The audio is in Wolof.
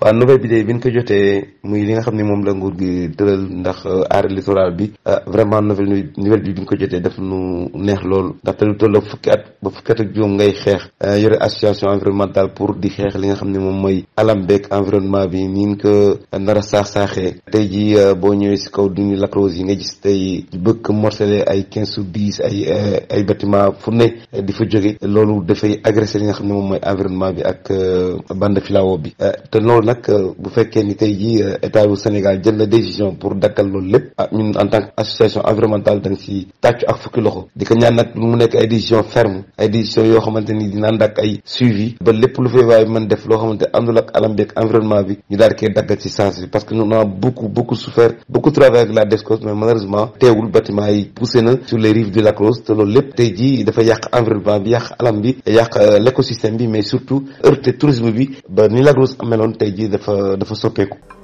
waa nouvelle bi de bi ñu ko jotee muy li nga xam ne moom la nguur gi tëral ndax aar euh, littoral bi euh, vraiment nouvelle nouvelle bi bi ñu ko jotee daf nu neex lool ndax te lu toll fukki at ba fukki at ak ngay xeex euh, yore association environnementale pour di xeex li nga xam ne moom mooy alam beeg environnement bi nii ñu ko nara a saax-saaxee tey ji boo ñëwee si kaw duñu lacrose yi nga gis tey bëgg morcelé ay quinze ou dix ay ay bâtiment fu ne di fa jóge loolu dafay agressé li nga xam ne moom mooy environnement bi ak bande bi nag euh, bu fekkee ni tey jii euh, état bu Sénégal jël na décision pour dakkal loolu lépp ah, mu nekk ay décision ferme ay décision yoo xamante ni dina ànd ay suivi ba lépp lu fay waaye mën def loo xamante àndul ak alam bi ak environnement bi ñu daal koy daggal ci sens bi parce que nous avons beaucoup beaucoup souffert beaucoup travaillé avec la DSCOS mais malheureusement teewul bâtiment yi poussé na sur les rives de la Crosse te loolu lépp tey jii dafa yàq environnement ji dafa dafa soppeeku.